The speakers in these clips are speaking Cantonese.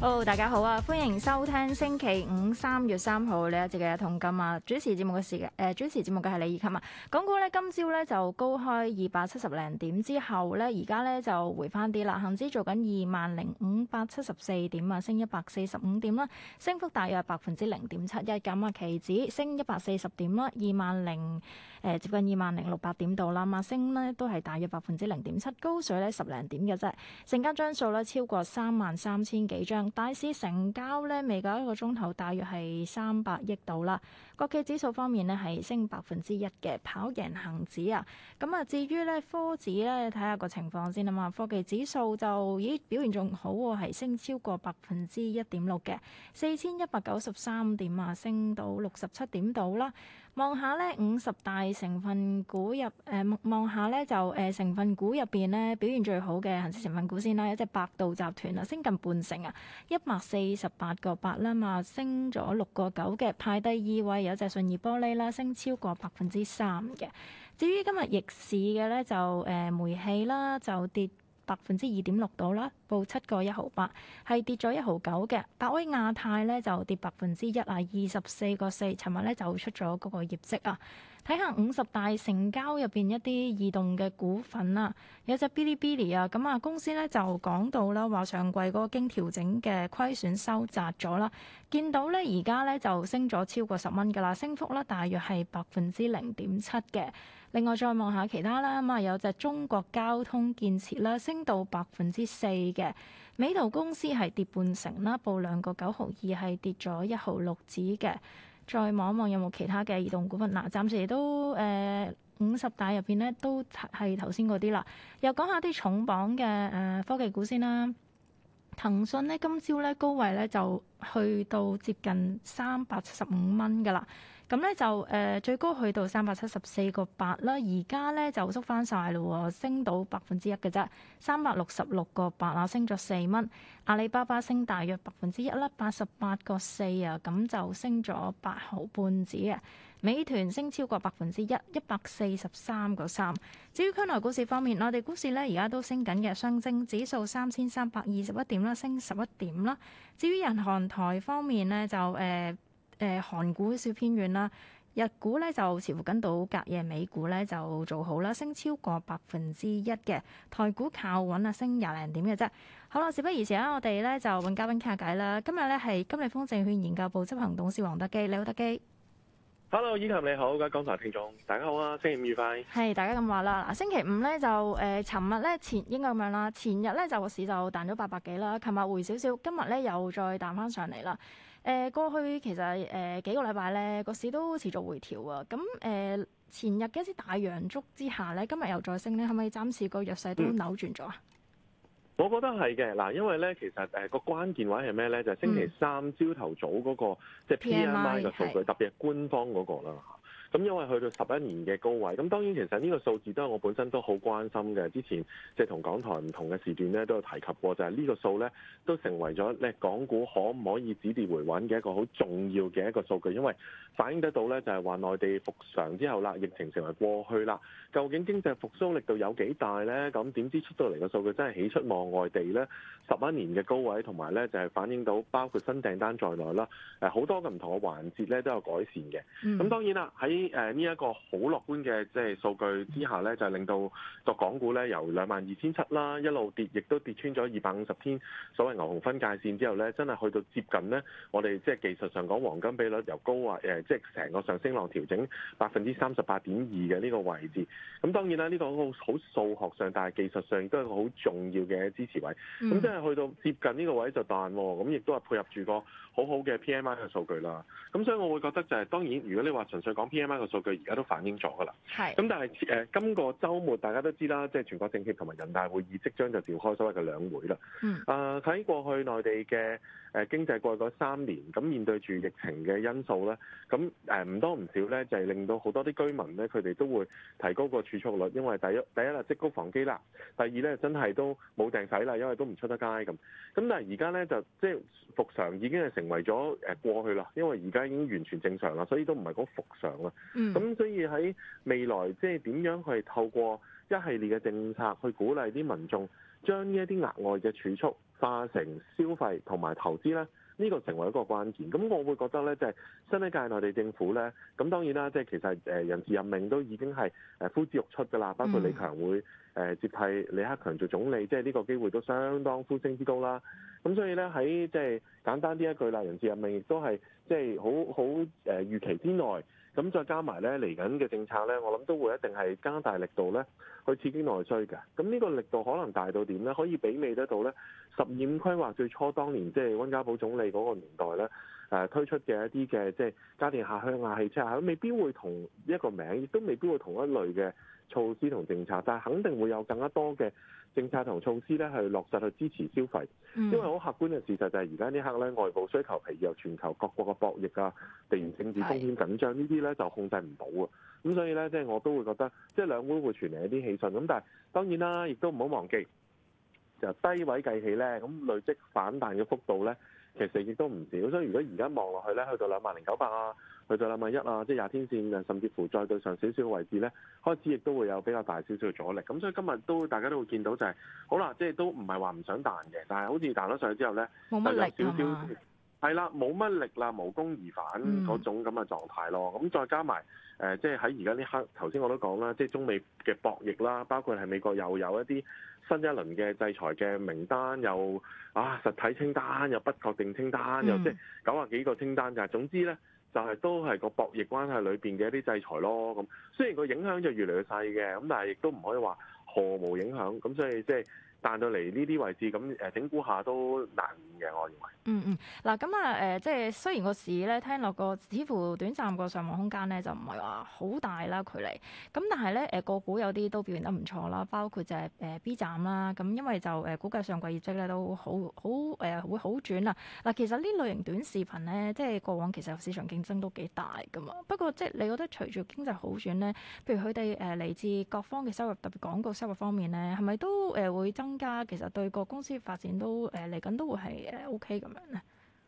Oh, 大家好啊！歡迎收聽星期五三月三號呢一節嘅《一桶金》啊！主持節目嘅是嘅，誒、呃、主持節目嘅係李怡琴啊！港股咧今朝呢，今呢就高開二百七十零點之後呢，而家呢就回翻啲啦。恒指做緊二萬零五百七十四點啊，升一百四十五點啦，升幅大約百分之零點七一咁啊。期指升一百四十點啦，二萬零誒接近二萬零六百點度啦，咁啊升呢都係大約百分之零點七，高水呢十零點嘅啫。成交張數呢，超過三萬三千幾張。大市成交咧，未夠一個鐘頭，大約係三百億度啦。國企指數方面咧係升百分之一嘅，跑贏恒指啊。咁啊至於咧科指咧睇下個情況先啊嘛，科技指數就咦，表現仲好喎，係升超過百分之一點六嘅，四千一百九十三點啊，升到六十七點度啦。望下咧五十大成分股入誒，望下咧就誒成分股入邊咧表現最好嘅恒生成分股先啦，有隻百度集團啊升近半成啊，一百四十八個八啦嘛，升咗六個九嘅，排第二位。有隻信義玻璃啦，升超過百分之三嘅。至於今日逆市嘅咧，就誒、呃、煤氣啦，就跌百分之二點六度啦，報七個一毫八，係跌咗一毫九嘅。百威亞太咧就跌百分之一啊，二十四個四。尋日咧就出咗嗰個業績啊。睇下五十大成交入面一啲異動嘅股份啦，有隻 Bilibili 啊，咁啊公司咧就講到啦，話上季嗰個經調整嘅虧損收窄咗啦，見到咧而家咧就升咗超過十蚊噶啦，升幅咧大約係百分之零點七嘅。另外再望下其他啦，咁啊有隻中國交通建設啦，升到百分之四嘅，美圖公司係跌半成啦，報兩個九毫二係跌咗一毫六止嘅。再望一望有冇其他嘅移動股份嗱、啊，暫時都誒五十大入邊咧都係頭先嗰啲啦。又講下啲重磅嘅誒、呃、科技股先啦。騰訊咧今朝咧高位咧就去到接近三百七十五蚊㗎啦。咁咧就誒、呃、最高去到三百七十四個八啦，而家咧就縮翻晒咯，升到百分之一嘅啫，三百六十六個八啊，8, 升咗四蚊。阿里巴巴升大約百分之一啦，八十八個四啊，咁就升咗八毫半紙啊。美團升超過百分之一，一百四十三個三。至於區內股市方面，我哋股市咧而家都升緊嘅，上證指數三千三百二十一點啦，升十一點啦。至於人行台方面咧，就誒。呃誒，韓股少偏軟啦，日股咧就似乎跟到隔夜美股咧就做好啦，升超過百分之一嘅。台股靠穩啊，升廿零點嘅啫。好啦，事不宜遲啦，我哋咧就揾嘉賓傾下偈啦。今日咧係金利豐證券研究部執行董事黃德幾，你好，德幾。Hello，依琴你好，各位港台聽眾，大家好啊，星期五愉快。係大家咁話啦。嗱，星期五咧就誒，尋日咧前應該咁樣啦，前日咧就個市就彈咗八百幾啦，琴日回少少，今日咧又再彈翻上嚟啦。誒過去其實誒、呃、幾個禮拜咧個市都持續回調啊，咁誒、呃、前日嘅一支大陽燭之下咧，今日又再升咧，係咪暫時個弱勢都扭轉咗啊、嗯？我覺得係嘅，嗱，因為咧其實誒個、呃、關鍵位係咩咧？就係、是、星期三朝頭早嗰、那個即係、嗯、P M I 嘅數據，的特別係官方嗰、那個啦。咁因為去到十一年嘅高位，咁當然其實呢個數字都係我本身都好關心嘅。之前即係同港台唔同嘅時段咧都有提及過，就係呢個數咧都成為咗咧港股可唔可以止跌回穩嘅一個好重要嘅一個數據，因為反映得到咧就係話內地復常之後啦，疫情成為過去啦，究竟經濟復甦力度有幾大咧？咁點知出到嚟嘅數據真係喜出望外地咧十一年嘅高位，同埋咧就係反映到包括新訂單在內啦，誒好多嘅唔同嘅環節咧都有改善嘅。咁當然啦喺呢呢一個好樂觀嘅即係數據之下咧，就係、令到作港股咧由兩萬二千七啦一路跌，亦都跌穿咗二百五十天所謂牛熊分界線之後咧，真係去到接近咧我哋即係技術上講黃金比率由高啊誒，即係成個上升浪調整百分之三十八點二嘅呢個位置。咁當然啦，呢、這個好數學上，但係技術上都係個好重要嘅支持位。咁、嗯、即係去到接近呢個位就彈喎。咁亦都係配合住個好好嘅 PMI 嘅數據啦。咁所以我會覺得就係、係、當然，如果你話純粹講 PMI。呢個數據而家都反映咗噶啦，咁是但係誒，呃、今個周末大家都知啦，即係全國政協同埋人大會議即將就召開所謂嘅兩會啦。誒、嗯，喺、呃、過去內地嘅。誒經濟過去三年，咁面對住疫情嘅因素咧，咁誒唔多唔少咧，就係、是、令到好多啲居民咧，佢哋都會提高個儲蓄率，因為第一第一啦，積谷防飢啦；第二咧，真係都冇定使啦，因為都唔出得街咁。咁但係而家咧就即係、就是、復常已經係成為咗誒過去啦，因為而家已經完全正常啦，所以都唔係講復常啦。咁、嗯、所以喺未來即係點樣去透過一系列嘅政策去鼓勵啲民眾，將呢一啲額外嘅儲蓄化成消費同埋投資咧，呢、這個成為一個關鍵。咁我會覺得咧，就係、是、新一屆內地政府咧，咁當然啦，即、就、係、是、其實誒人事任命都已經係誒呼之欲出噶啦，包括李強會誒接替李克強做總理，即係呢個機會都相當呼聲之高啦。咁所以咧，喺即係簡單啲一,一句啦，人事任命亦都係即係好好誒預期之內。咁再加埋呢嚟緊嘅政策呢，我諗都會一定係加大力度呢去刺激內需嘅。咁呢個力度可能大到點呢？可以媲美得到呢十二五規劃最初當年即係温家寶總理嗰個年代呢誒、啊、推出嘅一啲嘅即係家電下鄉啊、汽車啊，未必會同一個名，亦都未必會同一類嘅措施同政策，但係肯定會有更加多嘅。政策同措施咧，去落實去支持消費，因為好客觀嘅事實就係而家呢刻咧，外部需求譬如由全球各國嘅博弈啊、地緣政治風險緊張呢啲咧就控制唔到啊。咁所以咧，即係我都會覺得，即係兩會會傳嚟一啲喜訊。咁但係當然啦，亦都唔好忘記，由低位計起咧，咁累積反彈嘅幅度咧，其實亦都唔少。所以如果而家望落去咧，去到兩萬零九百啊。去到兩萬一啦，即係廿天線嘅，甚至乎再對上少少嘅位置咧，開始亦都會有比較大少少嘅阻力。咁所以今日都大家都會見到就係好啦，即係都唔係話唔想彈嘅，但係好似彈咗上去之後咧，冇乜少少，係啦，冇乜力啦，無功而返嗰種咁嘅狀態咯。咁再加埋誒，即係喺而家呢刻頭先我都講啦，即係中美嘅博弈啦，包括係美國又有一啲新一輪嘅制裁嘅名單，又啊實體清單，又不確定清單，又即係九啊幾個清單就係，總之咧。就係都係個博弈關係裏邊嘅一啲制裁咯，咁雖然個影響就越嚟越細嘅，咁但係亦都唔可以話毫無影響，咁所以即係。彈到嚟呢啲位置咁誒整估下都難嘅，我認為。嗯嗯，嗱咁啊誒，即係雖然個市咧聽落個似乎短暫個上望空間咧就唔係話好大啦距離，咁但係咧誒個股有啲都表現得唔錯啦，包括就係誒 B 站啦，咁因為就誒、呃、估計上季業績咧都好好誒、呃、會好轉啦。嗱其實呢類型短視頻咧，即係過往其實市場競爭都幾大㗎嘛。不過即係你覺得隨住經濟好轉咧，譬如佢哋誒嚟自各方嘅收入，特別廣告收入方面咧，係咪都誒會增？增加其實對個公司發展都誒嚟緊都會係誒 OK 咁樣咧，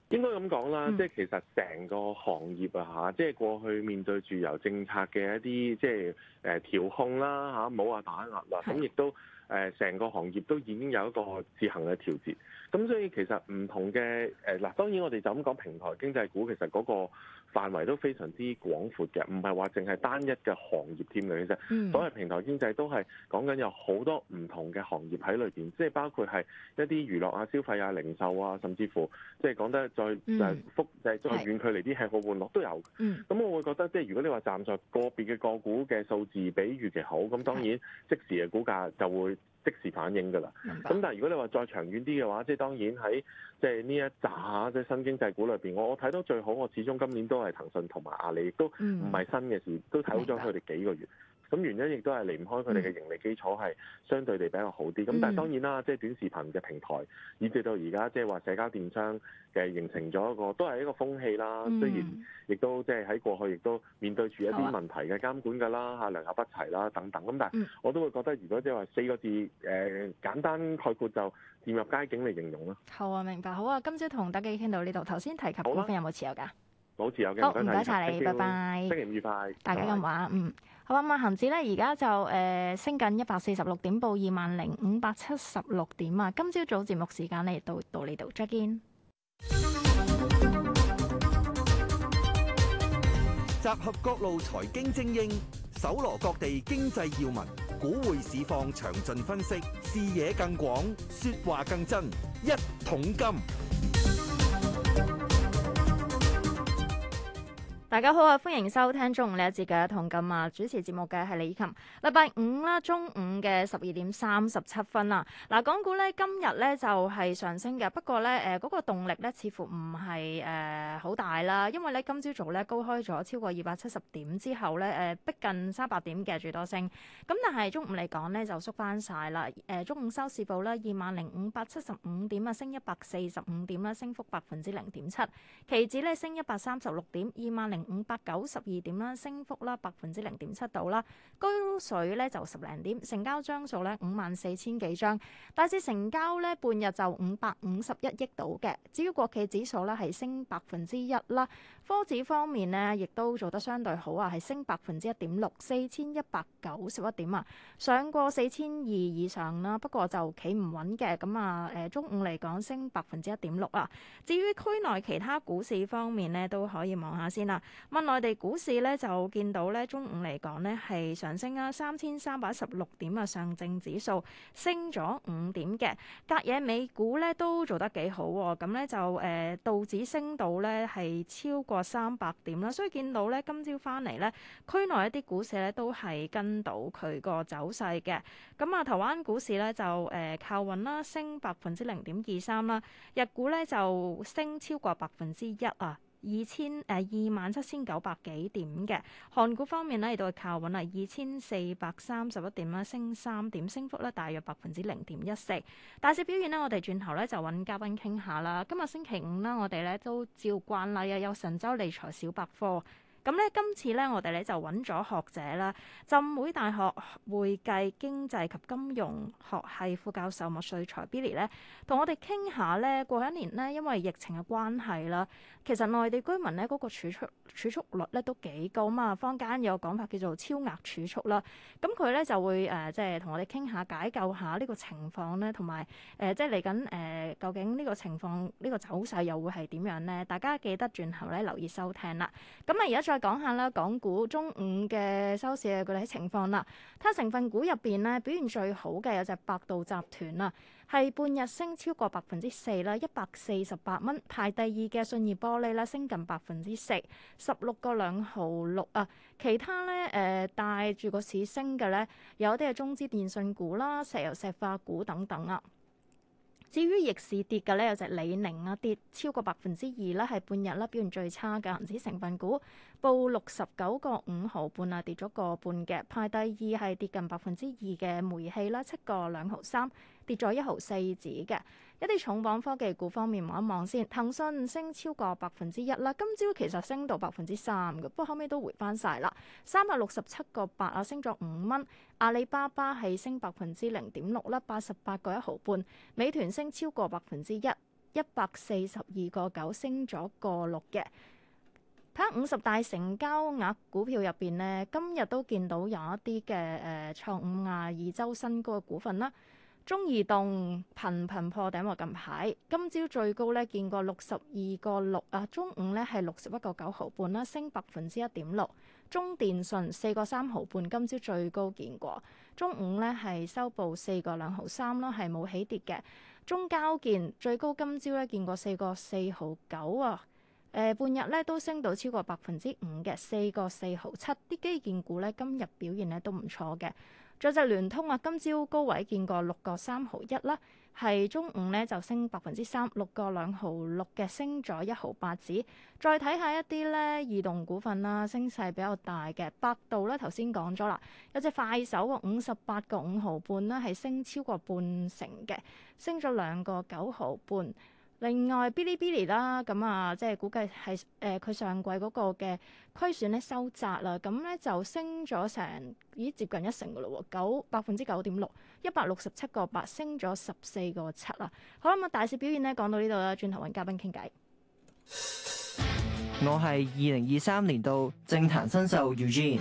應該咁講啦，嗯、即係其實成個行業啊嚇，即係過去面對住由政策嘅一啲即係誒、呃、調控啦嚇，冇、啊、話打壓啦，咁、啊、亦的都誒成、呃、個行業都已經有一個自行嘅調節。咁所以其實唔同嘅誒嗱，當然我哋就咁講平台經濟股，其實嗰個範圍都非常之廣闊嘅，唔係話淨係單一嘅行業添嘅。其實所謂、嗯、平台經濟都係講緊有好多唔同嘅行業喺裏邊，即係包括係一啲娛樂啊、消費啊、零售啊，甚至乎即係講得再誒複誒再遠距離啲，吃喝玩樂都有。咁、嗯、我會覺得，即係如果你話站在個別嘅個股嘅數字比預期好，咁當然即時嘅股價就會即時反應㗎啦。咁、嗯嗯、但係如果你話再長遠啲嘅話，即、就是當然喺即係呢一紮即係新經濟股裏邊，我我睇到最好，我始終今年都係騰訊同埋阿里，都唔係新嘅事，都睇好咗佢哋幾個月。咁原因亦都係離唔開佢哋嘅盈利基礎係相對地比較好啲。咁但係當然啦，即係短視頻嘅平台，以至到而家即係話社交電商嘅形成咗一個都係一個風氣啦。嗯、雖然亦都即係喺過去亦都面對住一啲問題嘅監管㗎啦，嚇良莠不齊啦等等。咁但係我都會覺得，如果即係話四個字誒、呃、簡單概括就漸入佳境嚟形容啦。好啊，明白好啊。今朝同大家傾到呢度，頭先提及股份有冇持有㗎？冇、啊、持有嘅。好，唔該晒你，拜拜。新年愉快！拜拜大家嘅話，嗯。百萬行子咧，而家就誒、呃、升緊一百四十六點，報二萬零五百七十六點啊！今朝早節目時間嚟到到呢度，再見。集合各路財經精英，搜羅各地經濟要聞，股匯市況詳盡分析，視野更廣，説話更真，一桶金。大家好啊，歡迎收聽中午呢一節嘅《同感》啊！主持節目嘅係李琴。禮拜五啦，中午嘅十二點三十七分啦。嗱、啊，港股咧今日咧就係、是、上升嘅，不過咧誒嗰個動力咧似乎唔係誒好大啦，因為咧今朝早咧高開咗超過二百七十點之後咧誒逼近三百點嘅最多升，咁但係中午嚟講咧就縮翻晒啦。誒、呃、中午收市報咧二萬零五百七十五點啊，升一百四十五點啦，升幅百分之零點七。期指咧升一百三十六點，二萬零。五百九十二點啦，升幅啦，百分之零點七度啦，高水咧就十零點，成交張數咧五萬四千幾張，大致成交咧半日就五百五十一億度嘅，至於國企指數咧，係升百分之一啦。科指方面呢亦都做得相對好啊，係升百分之一點六，四千一百九十一點啊，上過四千二以上啦。不過就企唔穩嘅，咁啊誒中午嚟講升百分之一點六啊。至於區內其他股市方面咧，都可以望下先啦。問內地股市咧，就見到咧，中午嚟講咧係上升啊三千三百一十六點啊，上證指數升咗五點嘅。隔夜美股咧都做得幾好咁、啊、咧就誒、呃、道指升到咧係超過。三百點啦，所以見到咧，今朝翻嚟咧，區內一啲股市咧都係跟到佢個走勢嘅。咁啊，台灣股市咧就誒、呃、靠穩啦，升百分之零點二三啦，日股咧就升超過百分之一啊。二千誒、呃、二萬七千九百幾點嘅，韓股方面咧亦都係靠穩啦，二千四百三十一點啦，升三點，升幅咧大約百分之零點一四。大市表現呢，我哋轉頭咧就揾嘉賓傾下啦。今日星期五啦，我哋咧都照慣例啊，有神州理財小百科。咁咧，今次咧，我哋咧就揾咗學者啦，浸會大學會計經濟及金融學系副教授麥萃才 Billy 咧，同我哋傾下咧，過一年咧，因為疫情嘅關係啦，其實內地居民咧嗰個儲蓄、儲蓄率咧都幾高啊嘛，坊間有個講法叫做超額儲蓄啦。咁佢咧就會誒即係同我哋傾下解救下呢個情況咧，同埋誒即係嚟緊誒究竟呢個情況呢個走勢又會係點樣咧？大家記得轉頭咧留意收聽啦。咁啊，而家。再講下啦，港股中午嘅收市嘅具體情況啦。睇成分股入邊咧表現最好嘅有隻百度集團啦，係半日升超過百分之四啦，一百四十八蚊。排第二嘅信義玻璃啦，升近百分之四十六個兩毫六啊。其他咧誒帶住個市升嘅咧，有啲係中資電信股啦、石油石化股等等啊。至於逆市跌嘅咧，有隻李寧啊，跌超過百分之二啦，係半日咧表現最差嘅恒指成分股。報六十九個五毫半啊，5, 跌咗個半嘅。排第二係跌近百分之二嘅煤氣啦，七個兩毫三，跌咗一毫四子嘅。一啲重磅科技股方面，望一望先。騰訊升超過百分之一啦，今朝其實升到百分之三嘅，不過後尾都回翻晒啦。三百六十七個八啊，升咗五蚊。阿里巴巴係升百分之零點六啦，八十八個一毫半。美團升超過百分之一，一百四十二個九升咗個六嘅。喺五十大成交額股票入邊，呢今日都見到有一啲嘅誒，創五十二週新高嘅股份啦、啊。中移動頻頻破頂喎，近排今朝最高咧見過六十二個六啊，中午咧係六十一個九毫半啦，5, 升百分之一點六。中電信四個三毫半，今朝最高見過，中午咧係收報四個兩毫三啦，係冇起跌嘅。中交建最高今朝咧見過四個四毫九啊。呃、半日咧都升到超過百分之五嘅，四個四毫七。啲基建股咧今日表現咧都唔錯嘅。再隻聯通啊，今朝高位見過六個三毫一啦，係中午咧就升百分之三，六個兩毫六嘅，升咗一毫八子。再睇下一啲咧異動股份啦，升勢比較大嘅。百度咧頭先講咗啦，有隻快手五十八個五毫半啦，係升超過半成嘅，升咗兩個九毫半。另外，Bilibili 啦，咁啊，即係估計係誒，佢上季嗰個嘅虧損咧收窄啦，咁咧就升咗成已接近一成噶咯，九百分之九點六，一百六十七個八升咗十四個七啦。好啦，咁啊，大市表現咧講到呢度啦，轉頭揾嘉賓傾偈。我係二零二三年度政壇新秀 Eugene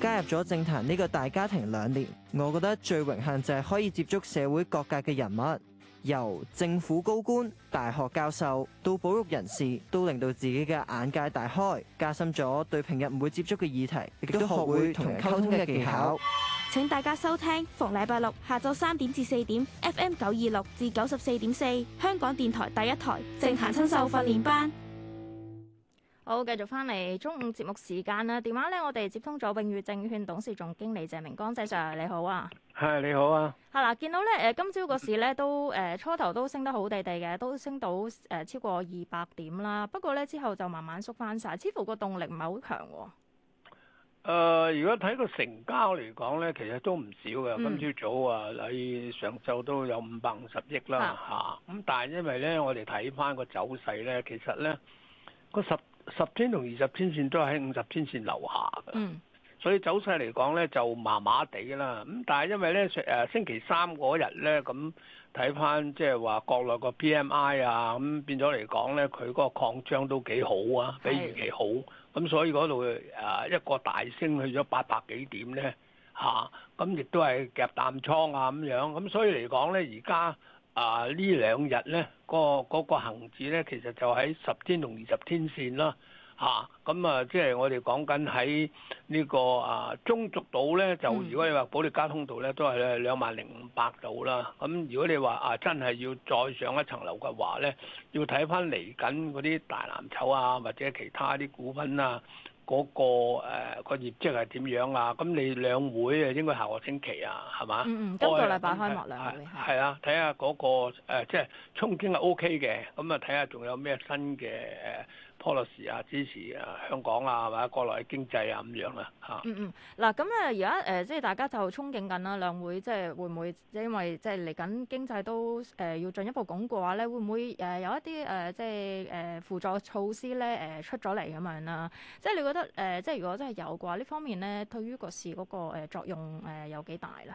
加入咗政壇呢個大家庭兩年，我覺得最榮幸就係可以接觸社會各界嘅人物。由政府高官、大學教授到保育人士，都令到自己嘅眼界大開，加深咗對平日唔會接觸嘅議題，亦都學會同人溝通嘅技巧。請大家收聽逢禮拜六下晝三點至四點，FM 九二六至九十四點四，香港電台第一台政壇新秀訓練班。好，繼續翻嚟中午節目時間啦。電話咧，我哋接通咗永裕證券董事總經理謝明光先生，你好啊。係，你好啊。係啦，見到咧，誒，今朝個市咧都誒，初頭都升得好地地嘅，都升到誒超過二百點啦。不過咧，之後就慢慢縮翻晒，似乎個動力唔係好強。誒，如果睇個成交嚟講咧，其實都唔少嘅。今朝早啊，喺上晝都有五百五十億啦。吓，咁但係因為咧，我哋睇翻個走勢咧，其實咧個十。十天同二十天線都喺五十天線樓下嘅，嗯、所以走勢嚟講咧就麻麻地啦。咁但係因為咧誒星期三嗰日咧，咁睇翻即係話國內個 P M I 啊，咁變咗嚟講咧，佢嗰個擴張都幾好啊，比預期好。咁是所以嗰度誒一個大升去咗八百幾點咧吓，咁、啊、亦都係夾淡倉啊咁樣。咁所以嚟講咧，而家。啊！兩呢兩日，那個那個、呢個嗰個恆指咧，其實就喺十天同二十天線啦，嚇咁啊，即係我哋講緊喺呢個啊中軸道呢，就如果你話保歷加通道呢，都係兩萬零五百度啦。咁、啊、如果你話啊，真係要再上一層樓嘅話呢，要睇翻嚟緊嗰啲大藍籌啊，或者其他啲股份啊。嗰、那個誒、呃那個業績係點樣啊？咁你兩會會應該下個星期啊，係嘛？嗯嗯，今個禮拜開幕兩會係啊，睇下嗰個誒、呃，即係憧憬係 O K 嘅，咁啊睇下仲有咩新嘅誒。policy 啊，支持啊香港啊，或者國內經濟啊咁樣啦嚇。嗯嗯，嗱咁咧，而家誒即係大家就憧憬緊啦，兩會即係會唔會即係因為即係嚟緊經濟都誒要進一步鞏固嘅話咧，會唔會誒有一啲誒即係誒輔助措施咧誒、呃、出咗嚟咁樣啦？即係你覺得誒即係如果真係有嘅話，呢方面咧對於個市嗰個作用誒有幾大咧？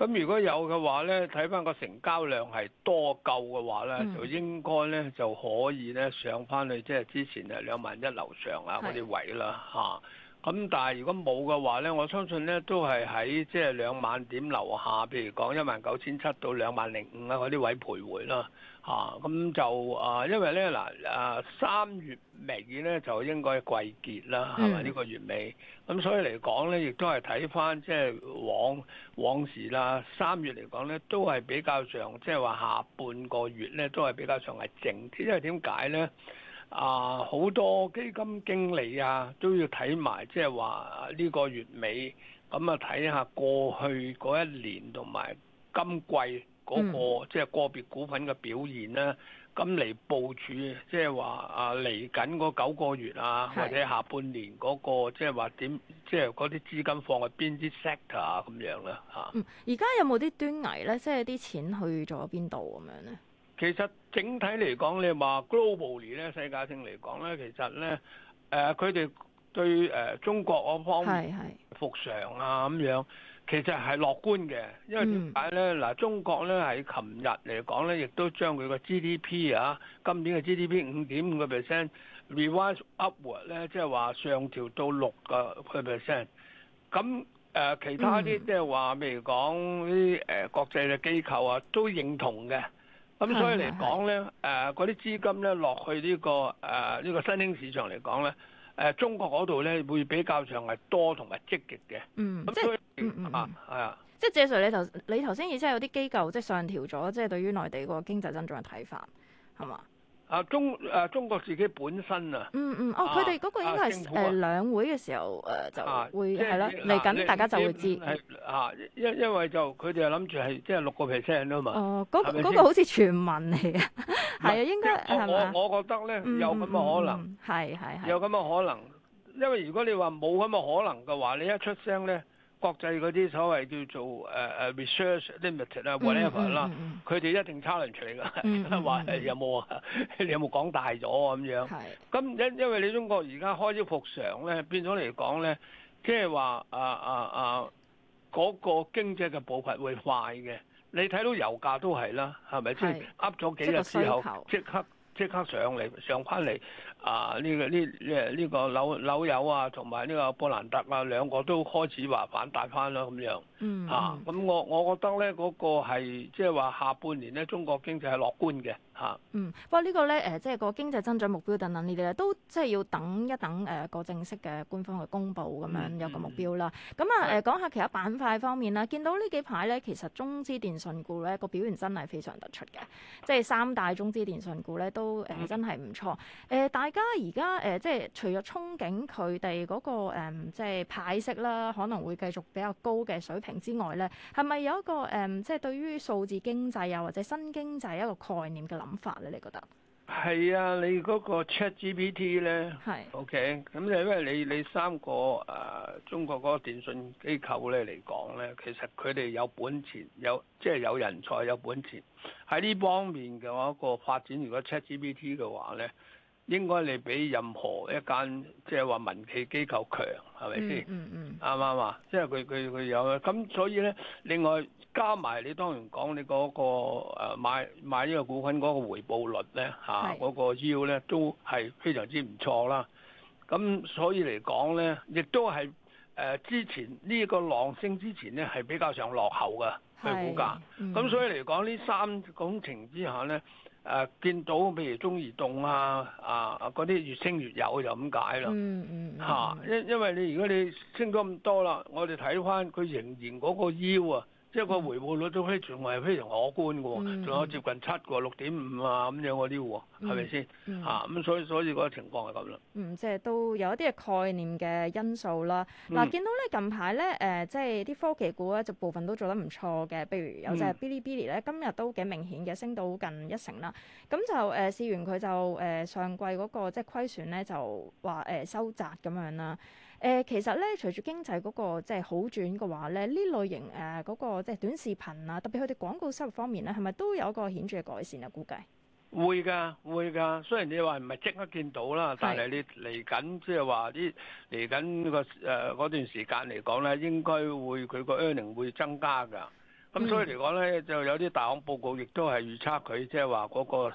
咁如果有嘅話呢，睇翻個成交量係多夠嘅話呢，就應該呢就可以呢上翻去，即係之前誒兩萬一樓上啊嗰啲位啦嚇。咁但係如果冇嘅話咧，我相信咧都係喺即係兩萬點樓下，譬如講一萬九千七到兩萬零五啊嗰啲位徘徊啦嚇，咁、啊、就啊因為咧嗱啊三月尾咧就應該季結啦，係咪、嗯？呢、呢個月尾，咁所以嚟講咧，亦都係睇翻即係往往時啦，三月嚟講咧都係比較上即係話下半個月咧都係比較上係靜啲，因為點解咧？啊，好多基金經理啊，都要睇埋，即係話呢個月尾咁啊，睇、嗯、下過去嗰一年同埋今季嗰、個即係、嗯、個別股份嘅表現啦、啊。咁嚟、嗯、部署，即係話啊嚟緊嗰九個月啊，的或者下半年嗰、個即係話點，即係嗰啲資金放喺邊啲 sector 咁、啊、樣啦、啊。嚇、啊。而家、嗯、有冇啲端倪咧？即係啲錢去咗邊度咁樣咧？其實整體嚟講，你話 globally 咧，世界性嚟講咧，其實咧，誒佢哋對誒中國嗰方面復常啊咁樣，其實係樂觀嘅，因為點解咧？嗱，中國咧喺琴日嚟講咧，亦都將佢個 GDP 啊，今年嘅 GDP 五點五個 percent revise upward 咧，即係話上調到六個 percent。咁誒其他啲即係話，譬如講啲誒國際嘅機構啊，都認同嘅。咁所以嚟講咧，誒嗰啲資金咧落去呢、呢個誒呢、呃呢個新興市場嚟講咧，誒、呃、中國嗰度咧會比較上係多同埋積極嘅。嗯，即係，嗯、啊，係啊。即係謝 Sir，你頭你頭先意思係有啲機構即係上調咗，即係對於內地個經濟增長嘅睇法，係嘛、嗯？啊中啊中國自己本身啊，嗯嗯哦，佢哋嗰個應該係誒兩會嘅時候誒就會係咯嚟緊，大家就會知啊因因為就佢哋諗住係即係六個 percent 啊嘛，哦嗰個好似傳聞嚟啊係啊應該我我覺得咧有咁嘅可能係係係有咁嘅可能，因為如果你話冇咁嘅可能嘅話，你一出聲咧。國際嗰啲所謂叫做誒誒、uh, research limit 啊 whatever 啦、mm，佢、hmm, 哋一定 challenge 嚟噶，話、mm hmm, 有冇沒啊？ 你有冇講大咗咁樣？係咁，因因為你中國而家開始復常咧，變咗嚟講咧，即係話啊啊啊嗰、那個經濟嘅步伐會快嘅。你睇到油價都係啦，係咪是即係？噏咗幾日之後，即，即刻即刻上嚟上翻嚟。啊！呢、這個呢呢、這個紐紐、這個、友啊，同埋呢個布蘭特啊，兩個都開始話反彈翻啦，咁樣嗯。嚇、啊！咁我我覺得咧，嗰、那個係即係話下半年咧，中國經濟係樂觀嘅。嗯，不過呢個咧誒，即係個經濟增長目標等等呢啲咧，都即係要等一等誒個、呃、正式嘅官方去公布咁樣有個目標啦。咁、嗯、啊誒、嗯呃，講下其他板塊方面啦，見到呢幾排咧，其實中資電信股咧個表現真係非常突出嘅，即係三大中資電信股咧都誒、嗯、真係唔錯。誒、呃、大家而家誒即係除咗憧憬佢哋嗰個、嗯、即係派息啦，可能會繼續比較高嘅水平之外咧，係咪有一個誒、嗯、即係對於數字經濟啊或者新經濟一個概念嘅諗諗法咧？你覺得係啊？你嗰個 ChatGPT 咧？係是。O.K. 咁你因為你你三個誒、呃、中國嗰個電信機構咧嚟講咧，其實佢哋有本錢，有即係有人才，有本錢喺呢方面嘅話，個發展如果 ChatGPT 嘅話咧，應該你比任何一間即係話民企機構強，係咪先？嗯嗯、mm。啱唔啱啊？即係佢佢佢有啊咁，所以咧，另外。加埋你，當然講你嗰個誒買買呢個股份嗰個回報率咧嚇，嗰是、啊那個腰咧都係非常之唔錯啦。咁所以嚟講咧，亦都係誒、呃、之前呢、這個浪升之前咧係比較上落後嘅佢是股價。咁、嗯、所以嚟講，呢三種情形之下咧誒、啊，見到譬如中移動啊啊嗰啲越升越有就咁解啦嚇、嗯啊。因因為你如果你升咗咁多啦，我哋睇返佢仍然嗰個腰啊。即係個回報率都非常係非常可觀嘅喎，仲有接近七個六點五啊咁樣嗰啲喎，係咪先？嚇咁所以所以個情況係咁啦。嗯，即係都有一啲嘅概念嘅因素啦。嗱、嗯啊，見到咧近排咧誒，即係啲科技股咧就部分都做得唔錯嘅，譬如有隻 Bilibili 咧今日都幾明顯嘅，升到近一成啦。咁就誒、呃、試完佢就誒、呃、上季嗰、那個即係虧損咧就話誒、呃、收窄咁樣啦。誒、呃、其實咧，隨住經濟嗰、那個即係好轉嘅話咧，呢類型誒嗰、啊那個即係短視頻啊，特別佢哋廣告收入方面咧，係咪都有個顯著嘅改善啊？估計會㗎，會㗎。雖然你話唔係即刻見到啦，是但係你嚟緊即係話啲嚟緊個誒嗰段時間嚟講咧，應該會佢個 earnings 會增加㗎。咁所以嚟講咧，嗯、就有啲大行報告亦都係預測佢即係話嗰個誒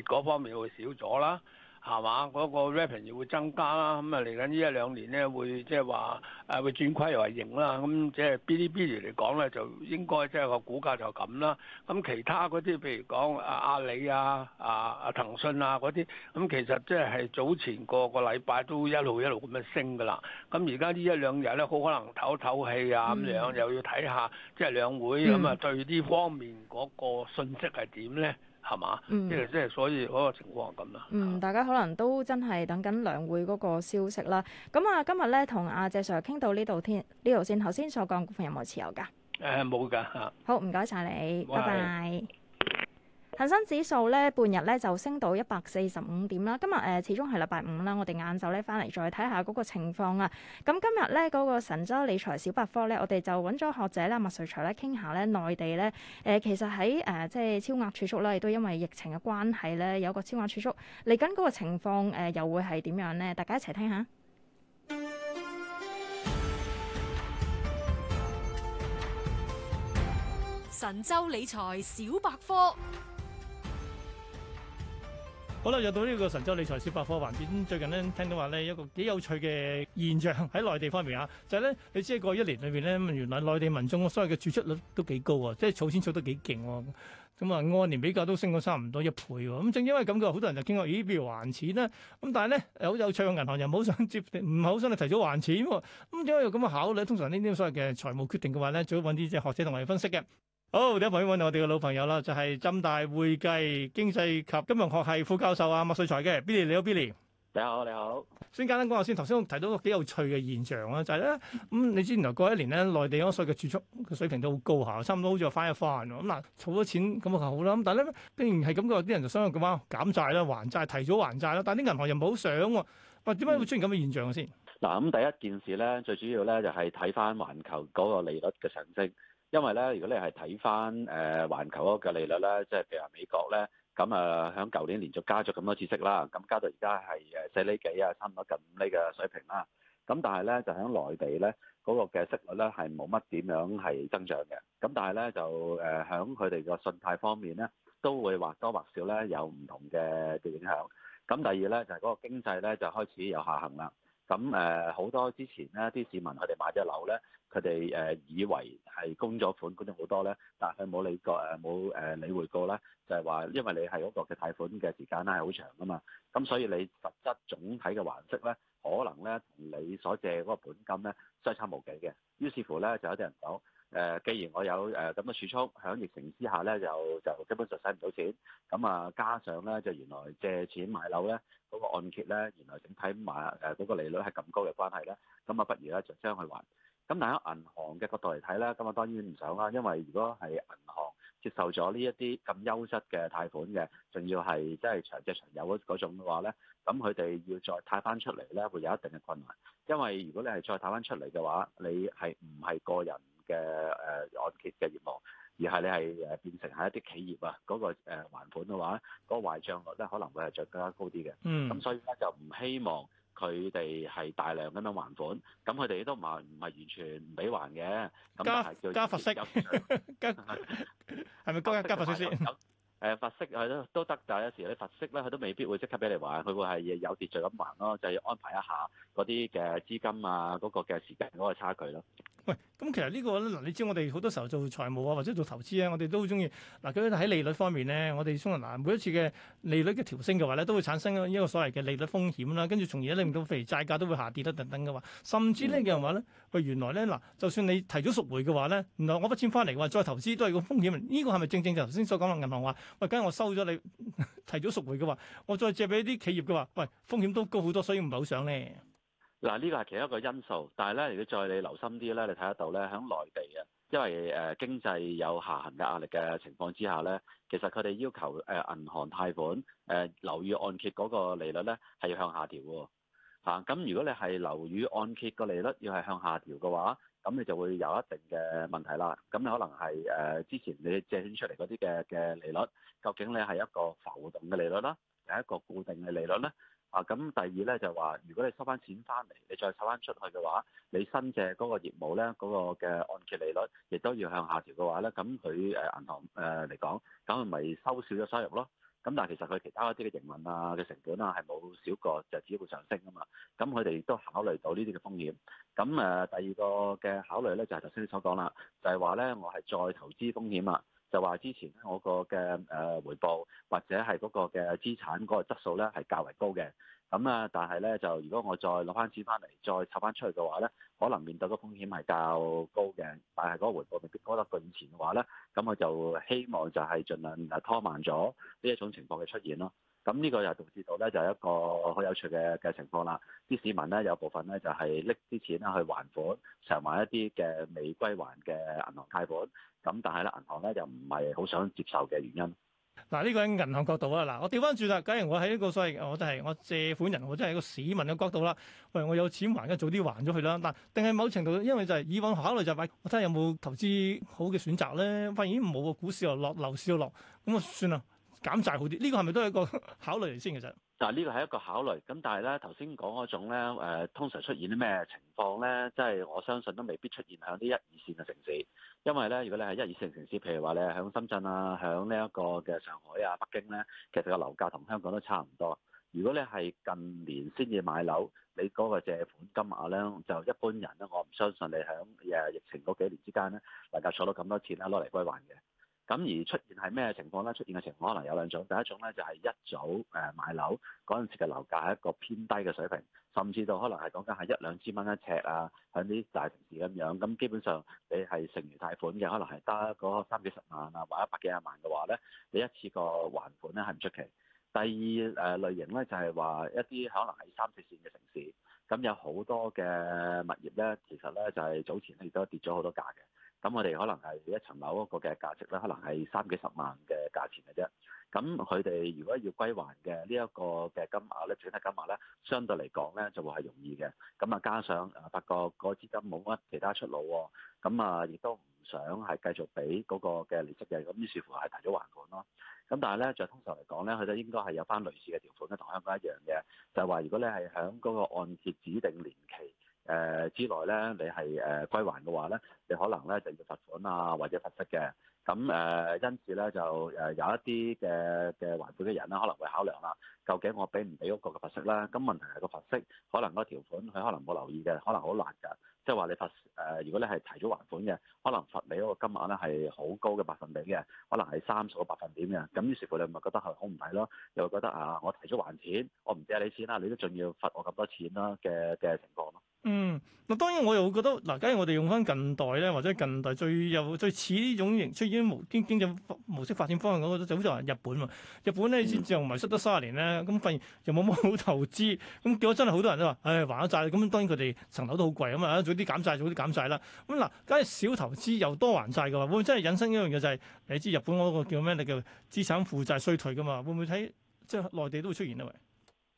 蝕方面會少咗啦。係嘛？嗰、那個 revenue 又會增加啦。咁、嗯、啊，嚟緊呢一兩年咧，會即係話誒會轉虧為盈啦。咁、嗯、即係、就是、Bilibili 嚟講咧，就應該即係個股價就咁啦。咁、嗯、其他嗰啲，譬如講阿阿里啊、啊啊騰訊啊嗰啲，咁、嗯、其實即係早前個個禮拜都一路一路咁樣升㗎啦。咁而家呢一兩日咧，好可能唞唞氣啊咁樣，嗯、又要睇下即係、就是、兩會咁啊、嗯嗯，對呢方面嗰個訊息係點咧？係嘛？嗯，即係即係，所以嗰個情況咁啦。嗯，大家可能都真係等緊兩會嗰個消息啦。咁、嗯、啊，今日咧同阿謝 Sir 傾到呢度添，呢度先。頭先所講股份有冇持有噶？誒、呃，冇噶吓。啊、好，唔該晒你，你拜拜。拜拜。恒生指數咧半日咧就升到一百四十五點啦。今日誒、呃、始終係禮拜五啦，我哋晏晝咧翻嚟再睇下嗰個情況啊。咁今日咧嗰個神州理財小百科咧，我哋就揾咗學者啦，麥瑞才咧傾下咧內地咧誒、呃、其實喺誒、呃、即係超額儲蓄咧，亦都因為疫情嘅關係咧有個超額儲蓄嚟緊嗰個情況誒、呃、又會係點樣咧？大家一齊聽一下。神州理財小百科。好啦，又到呢個神州理財小百科環節，最近咧聽到話咧一個幾有趣嘅現象喺內地方面啊，就係、是、咧，你知過一年裏邊咧，原來內地民眾所謂嘅儲蓄率都幾高啊，即係儲錢儲得幾勁喎。咁啊，按年比較都升咗差唔多一倍喎。咁正因為咁嘅，好多人就傾過，咦，不如還錢啦。咁但係咧，有有趣嘅銀行又唔好想接，唔好想你提早還錢喎。咁點解要咁嘅考慮，通常呢啲所謂嘅財務決定嘅話咧，最好揾啲即係學者同我哋分析嘅。好，有朋友揾到我哋嘅老朋友啦，就係、是、浸大會計經濟及金融學系副教授啊，麥萃才嘅 Billy，你好 Billy。大家好，你好。你好。先簡單講下先，頭先我提到個幾有趣嘅現象啊，就係、是、咧，咁、嗯、你知原來過一年咧，內地嗰個稅嘅儲蓄嘅水平都好高下，差唔多好似翻一番，咁、嗯、嗱，儲咗錢咁就好啦，咁但係咧，畢竟然係咁啲人就想話咁樣減債啦，還債，提早還債啦，但係啲銀行又唔好想喎，話點解會出現咁嘅現象先？嗱、嗯，咁第一件事咧，最主要咧就係睇翻環球嗰個利率嘅上升。因為咧，如果你係睇翻誒環球嗰個利率咧，即係譬如話美國咧，咁啊響舊年連續加咗咁多次息啦，咁加到而家係誒四厘幾啊，差唔多近五厘嘅水平啦。咁但係咧就響內地咧，嗰個嘅息率咧係冇乜點樣係增長嘅。咁但係咧就誒響佢哋個信貸方面咧，都會或多或少咧有唔同嘅嘅影響。咁第二咧就係嗰個經濟咧就開始有下行啦。咁誒好多之前呢啲市民佢哋買咗樓咧，佢哋誒以為係供咗款供咗好多咧，但係冇理過誒冇誒理會過咧，就係話因為你係嗰個嘅貸款嘅時間咧係好長噶嘛，咁所以你實質總體嘅還息咧，可能咧同你所借嗰個本金咧相差無幾嘅，於是乎咧就有啲人講。誒、呃，既然我有誒咁嘅儲蓄，喺疫情之下咧，就就基本上使唔到錢。咁啊，加上咧就原來借錢買樓咧，嗰、嗰個按揭咧，原來整體買誒嗰個利率係咁高嘅關係咧，咁啊，不如咧就將佢還。咁但喺銀行嘅角度嚟睇咧，咁啊當然唔想啦，因為如果係銀行接受咗呢一啲咁優質嘅貸款嘅，仲要係即係長借長有嗰種嘅話咧，咁佢哋要再貸翻出嚟咧，會有一定嘅困難。因為如果你係再貸翻出嚟嘅話，你係唔係個人嘅誒按揭嘅業務，嗯、而係你係誒變成係一啲企業啊嗰個誒還款嘅話，嗰、嗰個壞帳率咧可能會係更加高啲嘅。嗯，咁所以咧就唔希望佢哋係大量咁樣還款，咁佢哋亦都唔係唔係完全唔俾還嘅，咁加叫加罰息， 加係咪 加加罰息先？ 誒發息係咯，呃、都得，但係有時候你發息咧，佢都未必會即刻俾你還，佢會係有秩序咁還咯，就係安排一下嗰啲嘅資金啊，嗰、嗰個嘅時間嗰個差距咯。喂，咁其實個呢個嗱，你知我哋好多時候做財務啊，或者做投資啊，我哋都好中意嗱。喺、啊、利率方面咧，我哋中銀銀、啊、每一次嘅利率嘅調升嘅話咧，都會產生一個所謂嘅利率風險啦、啊。跟住從而令到譬如債價都會下跌得等等嘅話，甚至呢樣、嗯、話咧，喂，原來咧嗱、啊，就算你提早贖回嘅話咧，原來我筆錢翻嚟嘅話，再投資都係個風險。呢個係咪正正就頭先所講嘅銀行話。喂，梗係我收咗你提早贖回嘅話，我再借俾啲企業嘅話，喂，風險都高好多，所以唔係好想咧。嗱，呢個係其中一個因素，但係咧，如果再你留心啲咧，你睇得到咧，喺內地啊，因為誒、呃、經濟有下行嘅壓力嘅情況之下咧，其實佢哋要求誒、呃、銀行貸款誒樓宇按揭嗰個利率咧係要向下調喎。咁、啊、如果你係樓宇按揭個利率要係向下調嘅話，咁你就會有一定嘅問題啦。咁可能係誒、呃、之前你借出嚟嗰啲嘅嘅利率，究竟你係一個浮動嘅利率啦，定一個固定嘅利率咧？啊，咁第二咧就話、是，如果你收翻錢翻嚟，你再抽翻出去嘅話，你新借嗰個業務咧嗰、嗰個嘅按揭利率亦都要向下調嘅話咧，咁佢誒銀行誒嚟講，咁佢咪收少咗收入咯？咁但係其實佢其他一啲嘅營運啊嘅成本啊，係冇少過，就只會上升啊嘛，咁佢哋都考慮到呢啲嘅風險。咁誒、呃、第二個嘅考慮咧就係頭先你所講啦，就係話咧我係再投資風險啊，就話之前我個嘅誒回報或者係嗰個嘅資產嗰個質素咧係較為高嘅。咁啊，但係咧就，如果我再攞翻錢翻嚟，再插翻出去嘅話咧，可能面對嘅風險係較高嘅，但係嗰個回報未必高得過以前嘅話咧，咁我就希望就係儘量拖慢咗呢一種情況嘅出現咯。咁呢個又導致到咧就係一個好有趣嘅嘅情況啦。啲市民咧有部分咧就係搦啲錢啦去還款，償還一啲嘅未歸還嘅銀行貸款。咁但係咧銀行咧就唔係好想接受嘅原因。嗱呢個喺銀行角度啊，嗱我調翻轉啦，假如我喺呢個所謂我就係我借款人，我真係一個市民嘅角度啦。喂，我有錢還，梗係早啲還咗佢啦。但定係某程度，因為就係以往考慮就係我睇下有冇投資好嘅選擇咧，發現冇啊，股市又落，樓市又落，咁啊算啦，減債好啲。呢個係咪都係一個考慮嚟先？其實。嗱呢個係一個考慮，咁但係呢頭先講嗰種呢，誒通常出現啲咩情況呢？即係我相信都未必出現喺啲一二線嘅城市，因為呢，如果你係一二線城市，譬如話你係喺深圳啊，喺呢一個嘅上海啊、北京呢，其實個樓價同香港都差唔多。如果你係近年先至買樓，你嗰個借款金額呢，就一般人呢，我唔相信你喺疫情嗰幾年之間呢，能夠儲到咁多錢啦，攞嚟歸還嘅。咁而出現係咩情況呢？出現嘅情況可能有兩種，第一種呢，就係一早誒買樓嗰陣時嘅樓價係一個偏低嘅水平，甚至到可能係講緊係一兩千蚊一尺啊，喺啲大城市咁樣。咁基本上你係成如貸款嘅，可能係得嗰三幾十萬啊，或者一百幾廿萬嘅話呢，你一次過還款呢係唔出奇。第二誒類型呢，就係話一啲可能係三四線嘅城市，咁有好多嘅物業呢，其實呢就係早前亦都跌咗好多價嘅。咁我哋可能係一層樓嗰個嘅價值咧，可能係三幾十萬嘅價錢嘅啫。咁佢哋如果要歸還嘅、這個、呢一個嘅金額咧，整體金額咧，相對嚟講咧，就會係容易嘅。咁啊，加上啊，發覺個資金冇乜其他出路喎、哦。咁啊，亦都唔想係繼續俾嗰個嘅利息嘅。咁於是乎係提早還款咯。咁但係咧，就通常嚟講咧，佢都應該係有翻類似嘅條款咧，同香港一樣嘅，就係話如果你係喺嗰個按揭指定年期，誒、呃、之內咧，你係誒、呃、歸還嘅話咧，你可能咧就要罰款啊，或者罰息嘅。咁、呃、誒，因此咧就誒有一啲嘅嘅還款嘅人咧，可能會考量啦。究竟我俾唔俾嗰個罰息啦？咁問題係個罰息可能嗰條款佢可能冇留意嘅，可能好難㗎。即係話你罰誒、呃，如果你係提早還款嘅，可能罰你嗰個金額咧係好高嘅百分比嘅，可能係三十個百分點嘅。咁於是乎你咪覺得係好唔抵咯？又會覺得啊，我提早還錢，我唔借你錢啦，你都仲要罰我咁多錢啦嘅嘅情況咯。嗯，嗱當然我又會覺得，嗱，假如我哋用翻近代咧，或者近代最又最似呢種型出現啲無經經濟模式發展方向，我覺得就好似係日本喎。日本咧先至唔係失得三十年咧，咁發現又冇乜好投資，咁結果真係好多人都話，唉，還咗債。咁當然佢哋層樓都好貴啊嘛，早啲減債，早啲減債啦。咁嗱，假如少投資又多還債嘅話，會唔會真係引申一樣嘢就係、是，你知日本嗰個叫咩咧叫資產負債衰退嘅嘛？會唔會睇即係內地都會出現咧？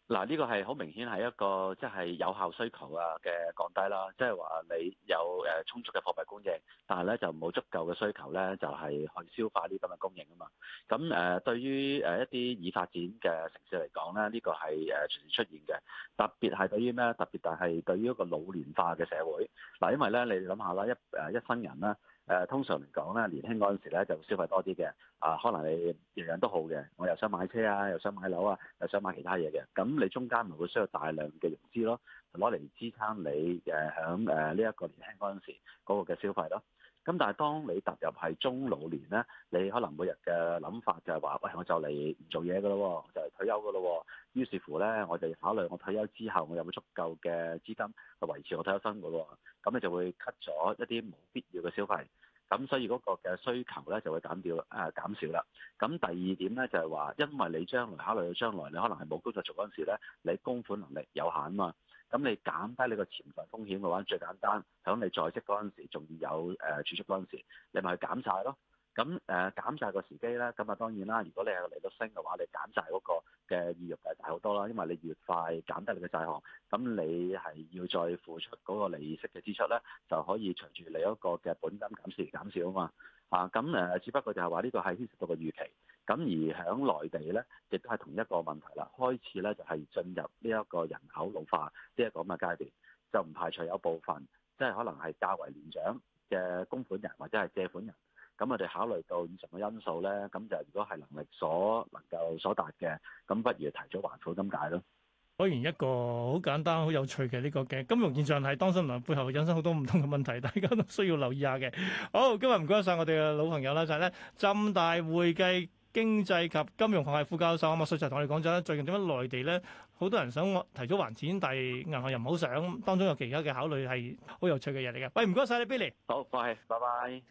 嗱，呢個係好明顯係一個即係、就是、有效需求啊嘅降低啦，即係話你有誒充足嘅貨幣供應，但係咧就冇足夠嘅需求咧，就係去消化呢啲咁嘅供應啊嘛。咁、嗯、誒，對於誒一啲已發展嘅城市嚟講咧，呢、這個係誒隨時出現嘅，特別係對於咩特別，但係對於一個老年化嘅社會，嗱，因為咧你諗下啦，一誒一生人啦。誒、啊、通常嚟講咧，年輕嗰陣時咧就消費多啲嘅，啊可能你樣樣都好嘅，我又想買車啊，又想買樓啊，又想買其他嘢嘅，咁你中間咪會需要大量嘅融資咯，攞嚟支撐你誒響誒呢一個年輕嗰陣時嗰個嘅消費咯。咁但係當你踏入係中老年咧，你可能每日嘅諗法就係話，喂、哎、我就嚟唔做嘢噶咯，就嚟退休噶咯。於是乎咧，我就考慮我退休之後，我有冇足夠嘅資金去維持我退休生活喎？咁你就會 cut 咗一啲冇必要嘅消費，咁所以嗰個嘅需求咧就會減掉誒減少啦。咁第二點咧就係、是、話，因為你將來考慮到將來你可能係冇工作做嗰陣時咧，你供款能力有限啊嘛，咁你減低你個潛在風險嘅話，最簡單響你在職嗰陣時仲要有誒儲、呃、蓄嗰陣時，你咪去減晒咯。咁誒、呃、減債個時機咧，咁啊當然啦。如果你係嚟到升嘅話，你減債嗰個嘅意欲誒大好多啦，因為你越快減低你嘅債項，咁你係要再付出嗰個利息嘅支出咧，就可以隨住你嗰個嘅本金減少而減少嘛，啊嘛，啊咁誒，只不過就係話呢個係牽涉到嘅預期，咁而喺內地咧，亦都係同一個問題啦。開始咧就係、是、進入呢一個人口老化呢一個咁嘅階段，就唔排除有部分即係可能係較為年長嘅供款人或者係借款人。咁我哋考慮到五十個因素咧，咁就如果係能力所能夠所達嘅，咁不如提早還款咁解咯。果然一個好簡單、好有趣嘅呢個嘅金融現象，係當新聞背後引申好多唔同嘅問題，大家都需要留意下嘅。好，今日唔該晒我哋嘅老朋友啦，就係咧浸大會計經濟及金融學系副教授阿麥穗就同你講咗啦。最近點解內地咧好多人想提早還錢，但係銀行又唔好想，當中有其他嘅考慮係好有趣嘅嘢嚟嘅。喂，唔該晒你，Billy。好，拜拜。